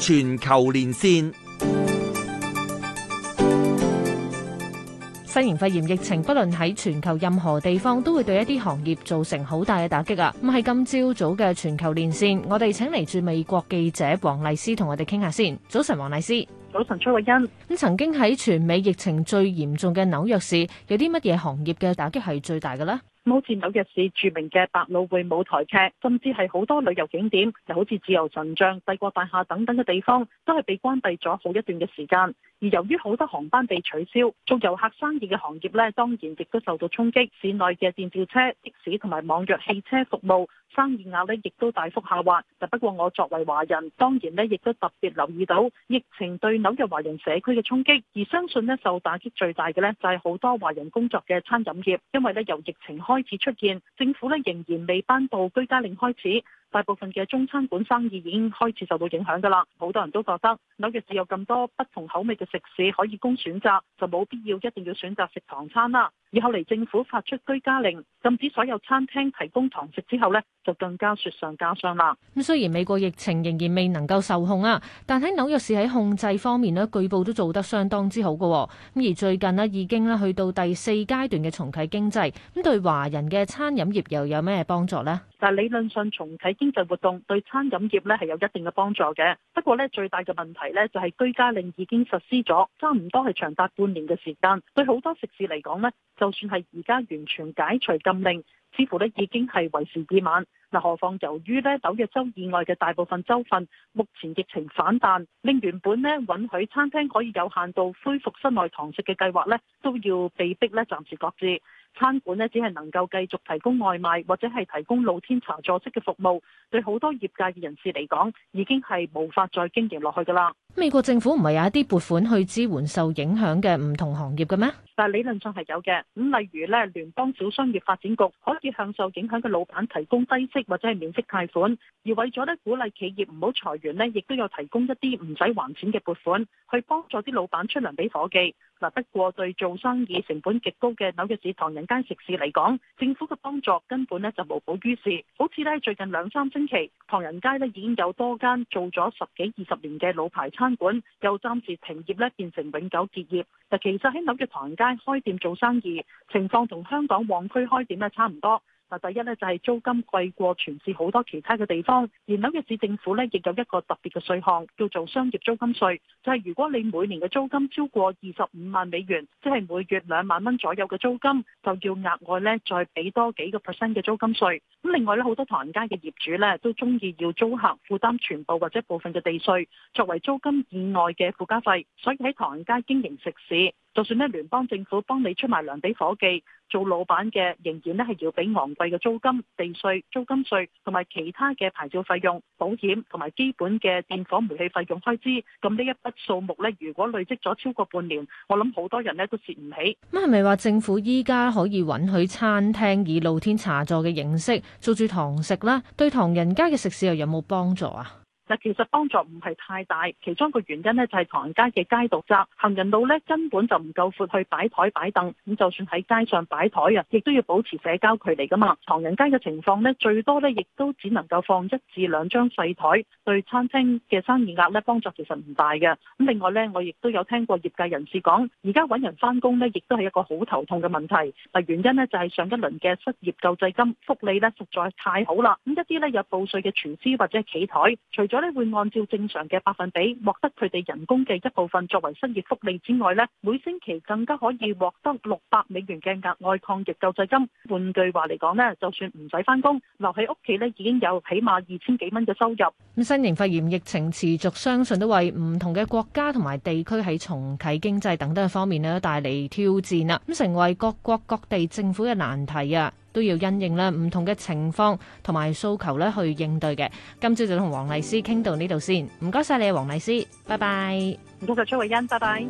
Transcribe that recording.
全球連線，新型肺炎疫情不論喺全球任何地方都會對一啲行業造成好大嘅打擊啊！咁係今朝早嘅全球連線，我哋請嚟駐美國記者黃麗施同我哋傾下先。早晨，黃麗施。早晨，崔蔚恩。咁曾經喺全美疫情最嚴重嘅紐約市，有啲乜嘢行業嘅打擊係最大嘅呢？好似紐約市著名嘅百老匯舞台劇，甚至係好多旅遊景點，就好似自由神像、帝國大廈等等嘅地方，都係被關閉咗好一段嘅時間。而由於好多航班被取消，做遊客生意嘅行業呢，當然亦都受到衝擊。市內嘅電召車、的士同埋網約汽車服務，生意額咧，亦都大幅下滑，但不過我作為華人，當然咧，亦都特別留意到疫情對紐約華人社區嘅衝擊，而相信咧，受打擊最大嘅咧就係好多華人工作嘅餐飲業，因為咧，由疫情開始出現，政府咧仍然未頒布居家令開始。大部分嘅中餐館生意已經開始受到影響噶啦，好多人都覺得紐約市有咁多不同口味嘅食肆可以供選擇，就冇必要一定要選擇食唐餐啦。以後嚟政府發出居家令禁止所有餐廳提供堂食之後咧，就更加雪上加霜啦。咁雖然美國疫情仍然未能夠受控啊，但喺紐約市喺控制方面咧，據報都做得相當之好噶。咁而最近咧已經咧去到第四階段嘅重啟經濟，咁對華人嘅餐飲業又有咩幫助咧？但係理論上重啟經濟活動對餐飲業咧係有一定嘅幫助嘅，不過咧最大嘅問題咧就係居家令已經實施咗，差唔多係長達半年嘅時間，對好多食肆嚟講咧，就算係而家完全解除禁令，似乎咧已經係為時已晚。嗱，何況由於咧紐約州以外嘅大部分州份目前疫情反彈，令原本咧允許餐廳可以有限度恢復室內堂食嘅計劃咧都要被逼咧暫時擱置。餐館呢只係能夠繼續提供外賣或者係提供露天茶座式嘅服務，對好多業界嘅人士嚟講，已經係無法再經營落去㗎喇。美國政府唔係有一啲撥款去支援受影響嘅唔同行業嘅咩？但理論上係有嘅。咁例如咧，聯邦小商業發展局可以向受影響嘅老闆提供低息或者係免息貸款，而為咗咧鼓勵企業唔好裁員咧，亦都有提供一啲唔使還錢嘅撥款，去幫助啲老闆出糧俾伙計。嗱，不過對做生意成本極高嘅紐約市唐人街食肆嚟講，政府嘅幫助根本咧就無補於事。好似咧最近兩三星期，唐人街咧已經有多間做咗十幾二十年嘅老牌。餐館，又暫時停業咧變成永久結業。嗱，其實喺紐約唐人街開店做生意情況同香港旺區開店咧差唔多。第一咧就係、是、租金貴過全市好多其他嘅地方，紐約市政府咧亦有一個特別嘅稅項，叫做商業租金稅。就係、是、如果你每年嘅租金超過二十五萬美元，即、就、係、是、每月兩萬蚊左右嘅租金，就要額外咧再俾多幾個 percent 嘅租金稅。咁另外咧，好多唐人街嘅業主咧都中意要租客負擔全部或者部分嘅地稅，作為租金以外嘅附加費。所以喺唐人街經營食肆。就算呢，聯邦政府幫你出埋糧俾伙計做老闆嘅，仍然呢係要俾昂貴嘅租金、地稅、租金稅同埋其他嘅牌照費用、保險同埋基本嘅電火煤氣費用開支。咁呢一筆數目呢，如果累積咗超過半年，我諗好多人呢都蝕唔起。咁係咪話政府依家可以允許餐廳以露天茶座嘅形式做住堂食啦？對唐人街嘅食肆又有冇幫助啊？嗱，其實幫助唔係太大，其中一個原因呢就係唐人街嘅街道窄，行人路呢根本就唔夠闊去擺台擺凳。咁就算喺街上擺台啊，亦都要保持社交距離㗎嘛。唐人街嘅情況呢，最多呢亦都只能夠放一至兩張細台，對餐廳嘅生意額呢，幫助其實唔大嘅。咁另外呢，我亦都有聽過業界人士講，而家揾人返工呢，亦都係一個好頭痛嘅問題。嗱，原因呢，就係上一輪嘅失業救濟金福利呢，實在太好啦。咁一啲呢，有報稅嘅廚師或者企台，除咗咧會按照正常嘅百分比獲得佢哋人工嘅一部分作為失業福利之外咧，每星期更加可以獲得六百美元嘅額外抗疫救濟金。換句話嚟講咧，就算唔使翻工，留喺屋企咧，已經有起碼二千幾蚊嘅收入。咁新型肺炎疫情持續，相信都為唔同嘅國家同埋地區喺重啟經濟等等嘅方面咧，帶嚟挑戰啦，咁成為各國各地政府嘅難題啊！都要因應啦，唔同嘅情況同埋訴求咧去應對嘅。今朝就同黃麗施傾到呢度先，唔該晒你啊，黃麗施，拜拜。唔該晒崔蔚恩，拜拜。